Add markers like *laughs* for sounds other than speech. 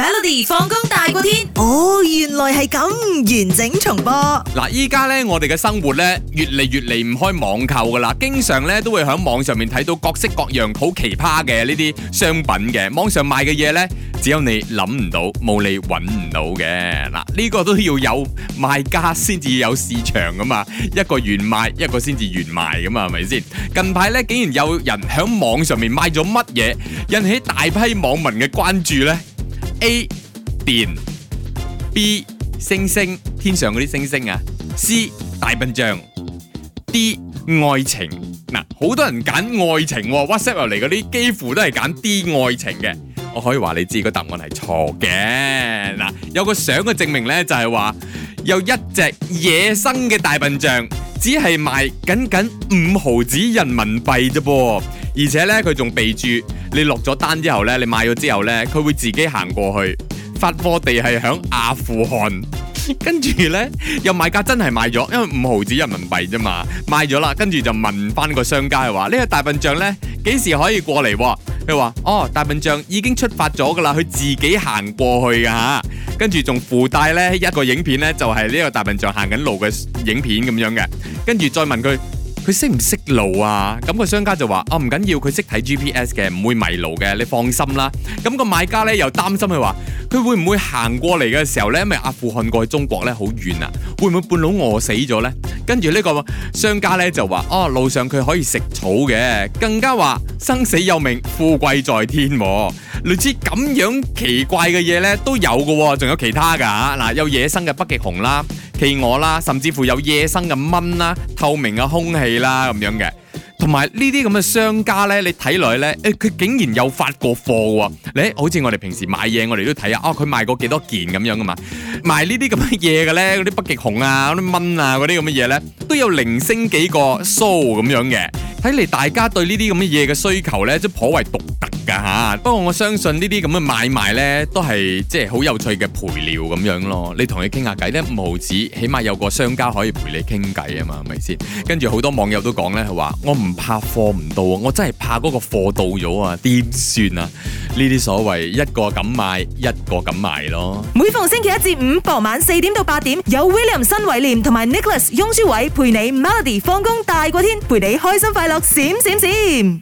Melody 放工大過天，哦，原來係咁完整重播。嗱，依家咧我哋嘅生活咧越嚟越離唔開網購噶啦，經常咧都會喺網上面睇到各式各樣好奇葩嘅呢啲商品嘅，網上賣嘅嘢咧只有你諗唔到，冇你揾唔到嘅。嗱，呢個都要有賣家先至有市場噶嘛，一個願賣，一個先至願賣噶嘛，係咪先？近排咧竟然有人喺網上面賣咗乜嘢，引起大批網民嘅關注咧？A 電，B 星星天上嗰啲星星啊，C 大笨象，D 愛情嗱，好多人揀愛情、喎、WhatsApp 入嚟嗰啲幾乎都係揀 D 愛情嘅，我可以話你知、個答案係錯嘅嗱，有個相嘅證明呢，就係話有一隻野生嘅大笨象只係賣僅僅五毫紙人民幣啫噃，而且呢，佢仲備注。你落咗單之後呢，你買咗之後呢，佢會自己行過去，發貨地係響阿富汗， *laughs* 跟住呢，又買家真係買咗，因為五毫子人民幣啫嘛，買咗啦，跟住就問翻個商家係話：呢、這個大笨象呢幾時可以過嚟？佢話：哦，大笨象已經出發咗噶啦，佢自己行過去噶吓，啊，跟住仲附帶呢一個影片呢，就係、是、呢個大笨象行緊路嘅影片咁樣嘅，跟住再問佢。佢識唔識路啊？咁個商家就話：啊，唔緊要，佢識睇 GPS 嘅，唔會迷路嘅，你放心啦。咁個買家呢又擔心佢話：佢會唔會行過嚟嘅時候呢？因為阿富汗過去中國呢好遠啊，會唔會半路餓死咗呢？跟住呢個商家呢就話：哦、啊，路上佢可以食草嘅，更加話生死有命，富貴在天啊。類似咁樣奇怪嘅嘢咧都有㗎，仲有其他噶嗱、啊，有野生嘅北極熊啦、企鵝啦，甚至乎有野生嘅蚊啦、透明嘅空氣啦咁樣嘅，同埋呢啲咁嘅商家咧，你睇來咧，誒、欸，佢竟然有發過貨嘅，好似我哋平時買嘢，我哋都睇下，哦、啊，佢賣過幾多件咁樣噶嘛，賣呢啲咁嘅嘢嘅咧，嗰啲北極熊啊、嗰啲蚊啊、嗰啲咁嘅嘢咧，都有零星幾個數咁、so, 樣嘅，睇嚟大家對呢啲咁嘅嘢嘅需求咧，都頗為獨特。噶吓，不過我相信呢啲咁嘅買賣呢，都係即係好有趣嘅陪聊咁樣咯。你同佢傾下偈呢，五毫子起碼有個商家可以陪你傾偈啊嘛，係咪先？跟住好多網友都講咧，係話我唔怕貨唔到，啊，我真係怕嗰個貨到咗啊，點算啊？呢啲所謂一個咁買一個咁賣咯。每逢星期一至五傍晚四點到八點，有 William 新偉廉同埋 Nicholas 雍舒偉陪你 Melody 放工大過天，陪你開心快樂閃閃閃。閃閃閃閃。